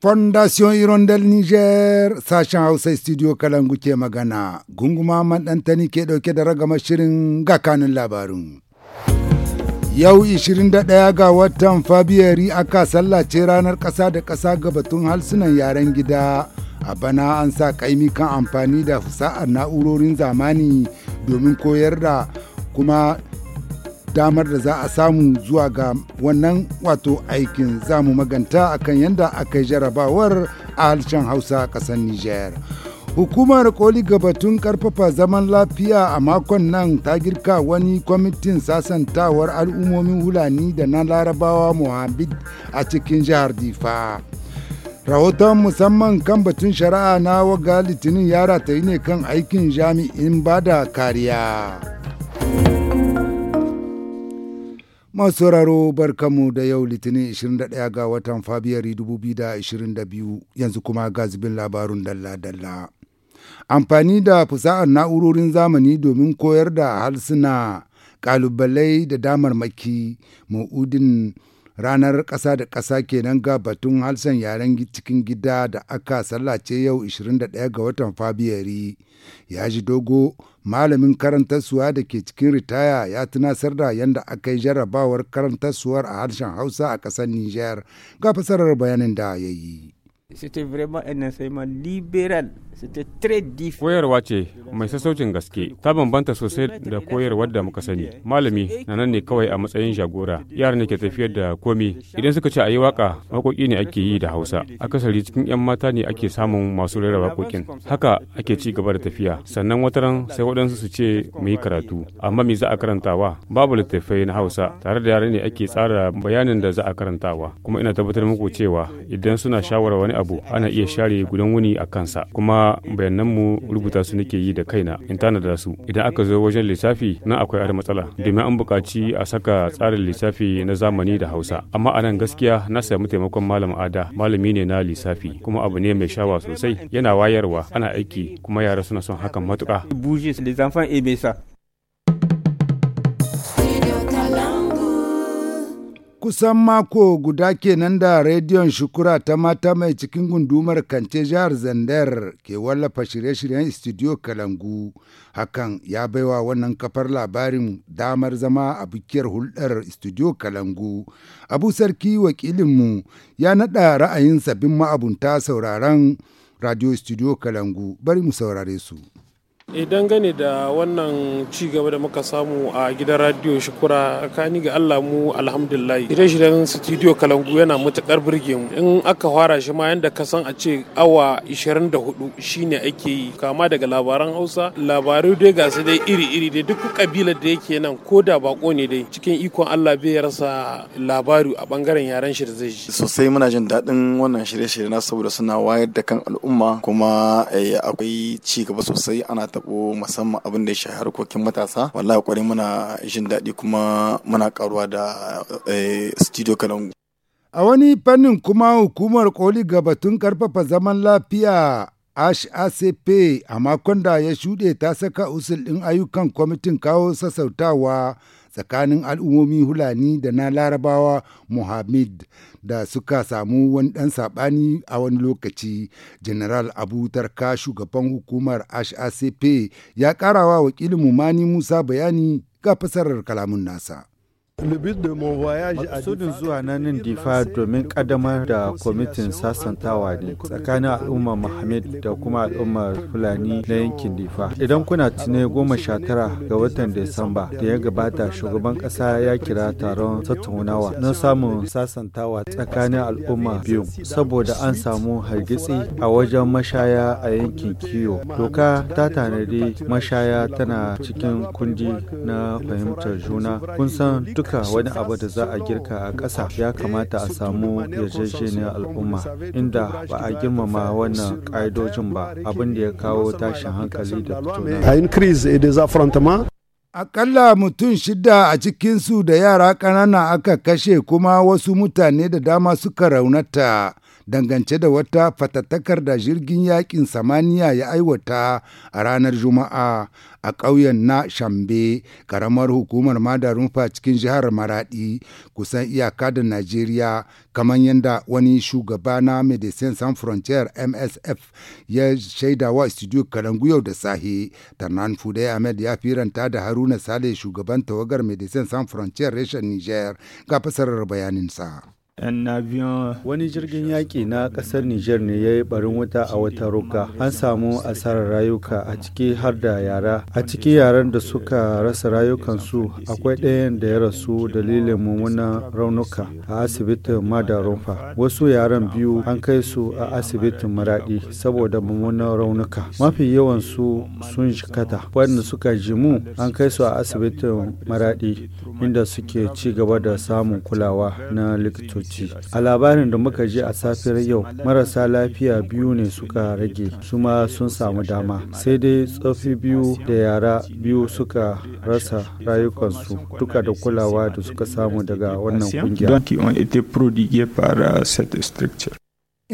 Fondation Irondel Niger sashen Hausa Studio Kalangu ke magana, gunguma maɗantani ke ɗauke da ragama shirin ga kanin labarin. Yau 21 ga watan Fabiyari aka sallace ranar ƙasa da ƙasa ga batun halsunan yaren gida. A bana an sa kaimi kan amfani da fusa'ar na'urorin zamani domin koyar da kuma damar da za a samu zuwa ga wannan wato aikin za mu maganta akan yadda aka yi jarabawar a halcin hausa ƙasar Nijar. hukumar koli gabatun karfafa zaman lafiya a makon nan ta girka wani kwamitin sasantawar al'ummomin hulani da na larabawa mohammed a cikin jihar difa rahoton musamman kan batun shari'a na waga litinin yara ta yi ne kan aikin jami'in bada kariya Masu sauraro barkamu da yau Litinin 21 ga watan Fabiyari 2022 yanzu kuma ga zubin labarun dalla-dalla. Amfani da fusa'ar na'urorin zamani domin koyar da halsuna, ƙalubalai da damar maki ma'udin ranar ƙasa da ƙasa kenan ga batun halsan yaren cikin gida da aka sallace yau 21 ga watan fabiyari ya ji dogo malamin karantarsuwa da ke cikin ritaya ya tunasar da yadda aka yi jarrabawar karantarsuwar a harshen hausa a ƙasar niger ga fasarar bayanin da ya yi C'était vraiment un enseignement libéral. C'était très difficile. Koyarwa ce mai sassaucin gaske ta bambanta sosai da koyarwa da muka sani. Malami na nan ne kawai a matsayin jagora. ne ke tafiyar da komi. Idan suka ce a yi waka, waƙoƙi ne ake yi da Hausa. Akasari cikin 'yan mata ne ake samun masu rera makokin Haka ake ci gaba da tafiya. Sannan wataran sai waɗansu su ce mu yi karatu. Amma me za a karantawa? Babu littattafai na Hausa. Tare da yara ne ake tsara bayanin da za a karantawa. Kuma ina tabbatar muku cewa idan suna shawara wani abu ana iya share gudan wuni a kansa kuma bayananmu rubuta su nake yi da kaina in tanada su idan aka zo wajen lissafi nan akwai har matsala domin an bukaci a saka tsarin lissafi na zamani da hausa amma anan gaskiya na samu taimakon malam ada malami ne na lissafi kuma abu ne mai shawa sosai yana wayarwa ana aiki kuma yara suna son hakan matuƙa Kusan mako guda kenan da rediyon Shukura ta mata mai cikin gundumar Kance jihar Zandar ke wallafa shirye-shiryen studio Kalangu. Hakan ya baiwa wannan kafar labarin damar zama a bukiyar hulɗar studio Kalangu. Abu Sarki wakilinmu ya naɗa ra'ayin sabbin ma'abunta sauraron radio studio Kalangu. Bari mu saurare su. idan eh, dangane da wannan ci gaba da muka samu a gidan radiyo shukura kani ga Allah mu alhamdulillah shirye-shiryen studio kalangu yana matukar burge mu in aka fara shi ma yanda ka san a ce awa 24 shine ake yi kama daga labaran Hausa labaru dai ga su dai iri-iri dai duk kabilar da yake nan ko da bako ne dai cikin ikon Allah bai rasa labaru a bangaren yaren shi da zai ji sosai muna jin daɗin wannan shirye-shirye na saboda suna wayar da kan al'umma kuma eh, akwai ci gaba sosai ana taɓo musamman abin da ya shafi harkokin matasa wallahi kwarai muna jin daɗi kuma muna karuwa da eh, studio kalangu a wani fannin kuma hukumar koli ga batun karfafa zaman lafiya HACP a makon da ya shuɗe ta saka usul ɗin ayyukan kwamitin kawo sassautawa tsakanin al'ummomi Hulani da na Larabawa Muhammad da suka samu wani ɗan saɓani a wani lokaci. General Abu Tarka shugaban hukumar HACP ya ƙarawa wakilin Mumani Musa bayani ga fasarar kalamun nasa. Maksudin zuwa na difa domin kadamar da kwamitin sasantawa ne tsakanin al'ummar Mohammed da kuma al'ummar Fulani na yankin difa. Idan kuna tune goma sha tara ga watan Disamba da ya gabata shugaban kasa ya kira taron tattaunawa na samun sasantawa tsakanin al'umma biyu saboda an samu hargitsi a wajen mashaya a yankin kiyo. Doka ta tanadi mashaya tana cikin kundi na fahimtar juna. Kun san duk girka wani abu da za a girka a ƙasa ya kamata a samu yarjejeniyar al'umma inda ba a girmama wannan ƙa'idojin ba abin da ya kawo tashin hankali da fitona. Akalla mutum shida a cikinsu da yara ƙanana aka kashe kuma wasu mutane da dama suka raunata. dangance da wata fatattakar da jirgin yakin samaniya ya aiwata a ranar Juma'a a ƙauyen na Shambe, ƙaramar hukumar rumfa cikin jihar Maradi, kusan iyaka da Najeriya, kamar yadda wani shugaba na Medecins Sans Frontier MSF ya shaida wa studio Kalangu yau da sahe. Tarnan Fudai Ahmed ya firanta da Haruna Sale shugaban tawagar Medecines Sans Frontier reshen Niger ga fasarar bayaninsa. Wani jirgin yaƙi na ƙasar Nijar ne ya yi barin wuta a wata ruka. An samu asarar rayuka a ciki har da yara. A ciki yaran da suka rasa rayukansu akwai ɗayan da ya rasu dalilin mummunan raunuka a asibitin Madarunfa. Wasu yaran biyu an kai su a asibitin Maraɗi saboda mummunan raunuka. Mafi yawan su sun jikata. Waɗanda suka jimu an kai su a asibitin Maraɗi inda suke ci gaba da samun kulawa na likitoci. asibiti. A labarin da muka ji a safiyar yau, marasa lafiya biyu ne suka rage, su ma sun samu dama. Sai dai tsofi biyu da yara biyu suka rasa rayukansu duka da kulawa da suka samu daga wannan kungiya. Euh,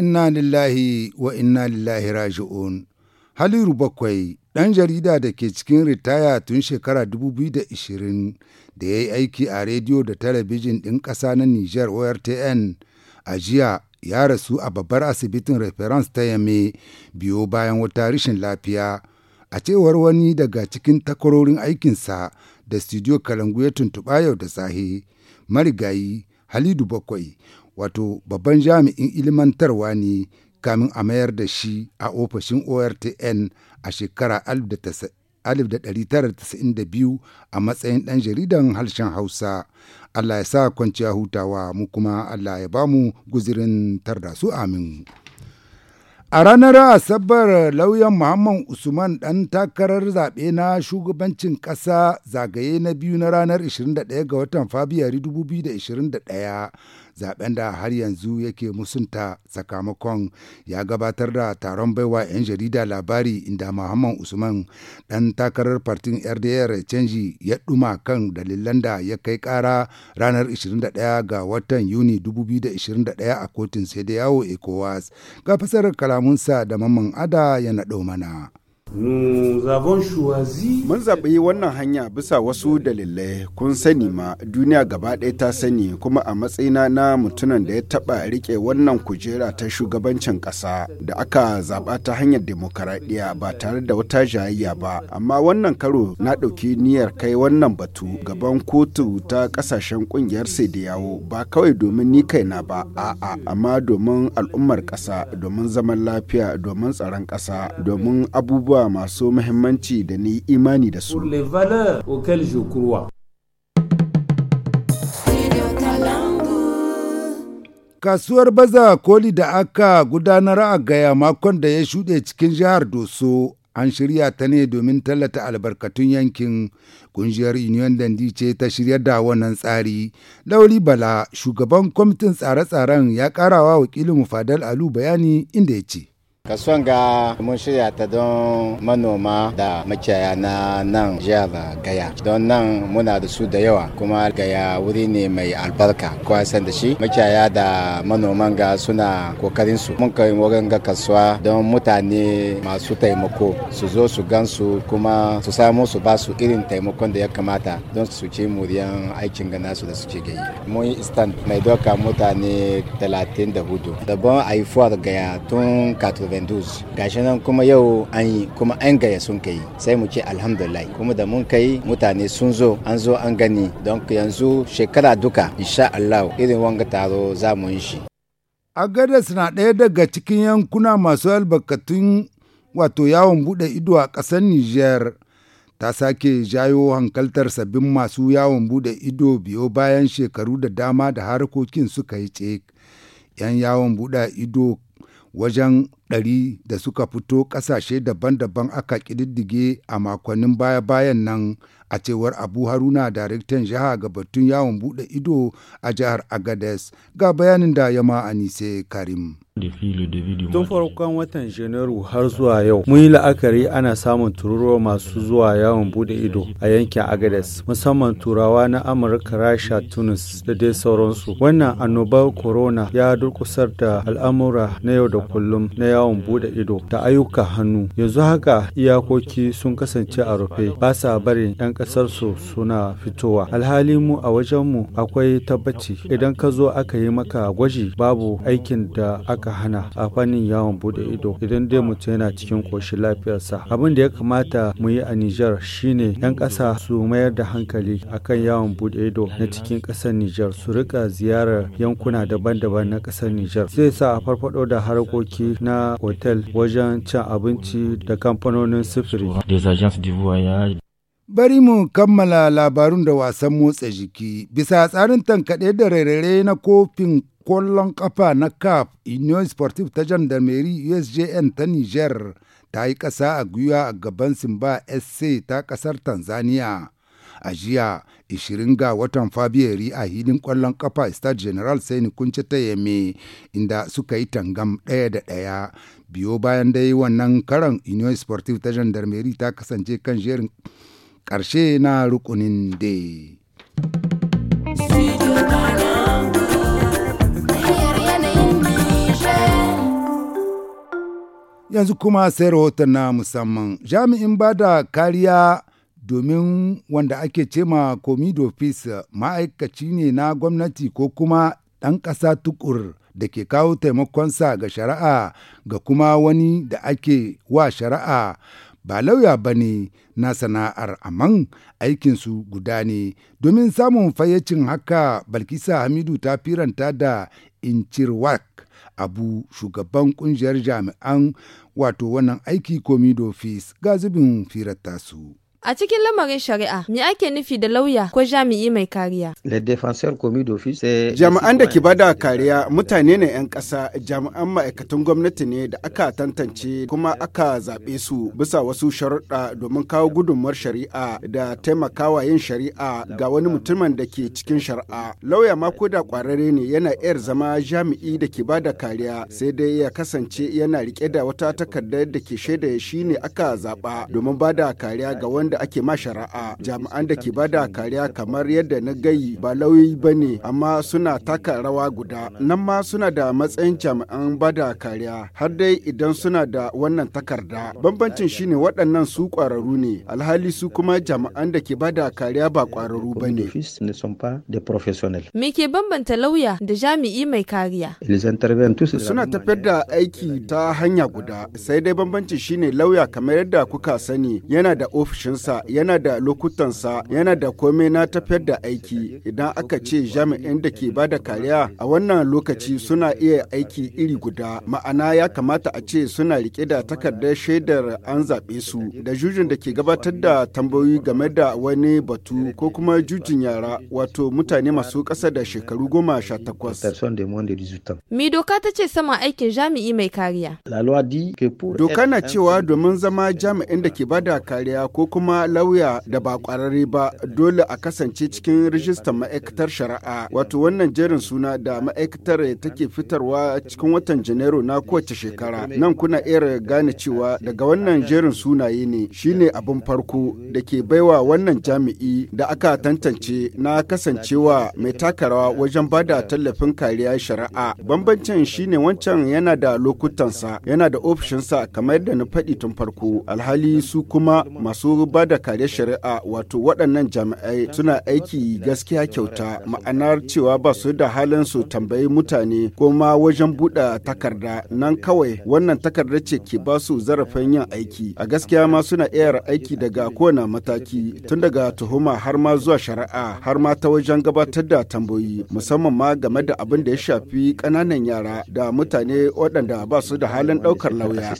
inna lillahi wa inna lillahi raji'un. Haliru bakwai ɗan jarida da ke cikin ritaya tun shekara 2020 da ya yi aiki a rediyo da talabijin ɗin ƙasa na Nijar ORTN a jiya ya rasu a babbar asibitin reference ta yame biyo bayan wata rashin lafiya a cewar wani daga cikin takwarorin aikinsa da studio kalangu ya tuntuɓa yau da sahe marigayi halidu bakwai wato babban jami'in ilimantarwa ne kamin a mayar da shi a ofishin ortn a shekara 1992 a matsayin ɗan jaridan harshen Hausa. Allah ya sa kwanciya hutawa mu kuma Allah ya bamu guzirin tarda su amin. A ranar Asabar lauyan Muhammad Usman ɗan takarar zaɓe na shugabancin ƙasa zagaye na biyu na ranar 21 ga watan Fabiyari 2021 zaben da har yanzu yake musunta sakamakon ya gabatar da taron baiwa 'yan jarida labari inda muhammad usman dan takarar partin rdr canji ya ɗuma kan dalilan da ya kai ƙara ranar 21 ga watan yuni 2021 a kotun sai da yawo ecowas ga fasarar kalamunsa da mamman ada ya naɗo mana. Mun zaɓi wannan hanya bisa wasu dalilai kun sani ma duniya gaba ɗaya ta sani kuma a matsayina na mutumin da ya taɓa riƙe wannan kujera ta shugabancin ƙasa da aka zaɓa ta hanyar demokaraɗiyya ba tare da wata jayayya ba amma wannan karo na ɗauki niyyar kai wannan batu gaban kotu ta ƙasashen ƙungiyar sai da yawo ba kawai domin ni kaina ba a'a amma domin al'ummar ƙasa domin zaman lafiya domin tsaron ƙasa domin abubuwa abubuwa masu muhimmanci da ni imani da su. Kasuwar baza koli da aka gudanar a gaya makon da ya shuɗe cikin jihar Doso an shirya ta ne domin tallata albarkatun yankin kungiyar union dandi ce ta shirya da wannan tsari lauri bala shugaban kwamitin tsare-tsaren ya karawa wakilin mufadal alu bayani inda ya ce kasuwan ga mun shirya ta don manoma da makiyaya na nan jihar gaya don nan muna da su da yawa kuma gaya wuri ne mai albarka kowa san da shi makiyaya da manoman ga suna kokarin su mun kai wurin ga kasuwa don mutane masu taimako su zo su gan kuma su samu su ba su irin taimakon da ya kamata don su ci muriyan aikin gana su da su suke gayi mun yi stand mai doka mutane 34 daban aifuwar gaya tun 80 92 gashi nan kuma yau an yi kuma an gaya sun kai sai mu ce alhamdulillah kuma da mun kai mutane sun zo an zo an gani don yanzu shekara duka insha Allah irin wanga taro za mu yi shi agadas na ɗaya daga cikin yankuna masu albarkatun wato yawon bude ido a ƙasar niger ta sake jayo hankaltar sabbin masu yawon bude ido biyo bayan shekaru da dama da harkokin suka yi ce 'yan yawon bude ido wajen ɗari da suka fito ƙasashe daban-daban aka ƙididdige a makonnin baya-bayan nan a cewar abu haruna daraktan jiha ga batun yawon buɗe ido a jihar agades ga bayanin da ya yama anise karim Tun farkon watan Janairu har zuwa yau, mun yi la'akari ana samun tururuwa masu zuwa yawon bude ido a yankin Agades, musamman turawa na Amurka, Rasha, Tunis da dai sauransu. Wannan annobar corona ya durkusar da al'amura na yau da kullum na yawon yawon bude ido da ayyuka hannu yanzu haka iyakoki sun kasance a rufe ba sa barin 'yan ƙasarsu suna fitowa alhali mu a wajen mu akwai tabbaci idan ka zo aka yi maka gwaji babu aikin da aka hana a fannin yawon bude ido idan dai mutum yana cikin ƙoshi lafiyarsa abin da ya kamata mu yi a Nijar shine 'yan ƙasa su mayar da hankali akan yawon bude ido na cikin ƙasar Nijar su rika ziyarar yankuna daban-daban na ƙasar Nijar zai sa a farfado da harkoki na wajen cin abinci da kamfanonin sufuri. Bari mu kammala labarun da wasan motsa jiki bisa tsarin tankaɗe da rairare na kofin kwallon kafa na CAF Union Sportive ta Gendarmerie USJN ta Niger ta yi ƙasa a gwiwa a gaban Simba SC ta ƙasar Tanzania. a jiya 20 ga watan fabiyari a hidin kwallon kafa star general sai ni kunce ta yame inda suka yi tangam ɗaya da ɗaya biyo bayan dai wannan karan union sportive ta gendarmerie ta kasance kan jerin ƙarshe na rukunin de. yanzu kuma sai rahoton na musamman jami'in ba da kariya domin wanda ake cema komido ma'aikaci ne na gwamnati ko kuma ɗan ƙasa tukur da ke kawo taimakonsa ga shari'a ga kuma wani da ake wa shari'a ba lauya ba ne na sana'ar amman aikinsu guda ne domin samun fayyacin haka balkisa hamidu ta firanta da incirwak abu shugaban kungiyar jami'an wato wannan aiki komido fis ga zubin firar tasu. A cikin lamarin shari'a, me ake nufi da lauya ko jami'i mai kariya? Jami'an da ke bada kariya mutane ne 'yan ƙasa, jami'an ma'aikatan gwamnati ne da aka tantance kuma aka zaɓe su bisa wasu sharuɗa domin kawo gudunmuwar shari'a da taimakawa yin shari'a ga wani mutumin da ke cikin shari'a. Lauya ma ko da ƙwararre ne yana iya zama jami'i da ke bada kariya sai dai ya kasance yana rike da wata takardar da ke shaida shi ne aka zaɓa domin bada kariya ga wanda da ake ma shari'a jami'an da ke bada kariya kamar yadda na gayi ba lauyi ba ne amma suna taka rawa guda nan ma suna da matsayin jami'an bada kariya har dai idan suna da wannan takarda bambancin shine waɗannan su ƙwararru ne alhali su kuma jami'an da ke bada kariya ba ƙwararru ba ne me ke bambanta lauya da jami'i mai kariya suna tafiyar da aiki ta hanya guda sai dai bambancin shine lauya kamar yadda kuka sani yana da ofishin sa yana da lokutansa yana da komai na tafiyar da aiki idan aka ce jami'in da ke bada kariya a wannan lokaci suna iya aiki iri guda ma'ana ya kamata a ce suna rike da takardar shaidar an zaɓe su da jujin da ke gabatar da tambayoyi game da wani batu ko kuma jujin yara wato mutane masu ƙasa da shekaru goma sha takwas. Mi doka ta ce sama aikin jami'i mai kariya. Doka na cewa domin zama jami'in da ke bada kariya ko kuma kuma lauya da ba kwararre ba dole a kasance cikin rijistar ma'aikatar shari'a wato wannan jerin suna da ma'aikatar take fitarwa cikin watan janairu na kowace shekara nan kuna iya gane cewa daga wannan jerin sunaye ne shine abin farko da ke baiwa wannan jami'i da aka tantance na kasancewa mai takarawa wajen bada tallafin kariya shari'a bambancin shine wancan yana da lokutansa yana da ofishinsa kamar da na faɗi tun farko alhali su kuma masu ba da kare shari'a wato waɗannan jami'ai suna aiki gaskiya kyauta ma'anar cewa ba su da halin su tambayi mutane ko ma wajen buɗe takarda nan kawai wannan takarda ce ke ba su zarafin yin aiki a gaskiya ma suna iya aiki daga kowane mataki tun daga tuhuma har ma zuwa shari'a har ma ta wajen gabatar da tambayoyi musamman ma game da abin da ya shafi ƙananan yara da mutane waɗanda ba su da halin ɗaukar lauya.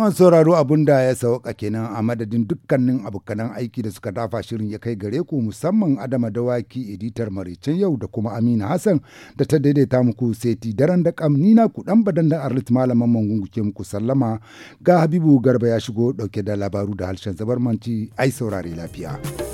Man sauraro abun da ya sauka kenan a madadin dukkanin abokanan aiki da suka dafa shirin ya kai gare ku musamman Adama Dawaki editar Maraicen yau da kuma Amina Hassan da ta daidaita muku seti daren da kam nina ku dan badan da Arlit malaman mangungu ke muku sallama ga Habibu Garba ya shigo dauke da labaru da harshen zabarmanci ai saurare lafiya.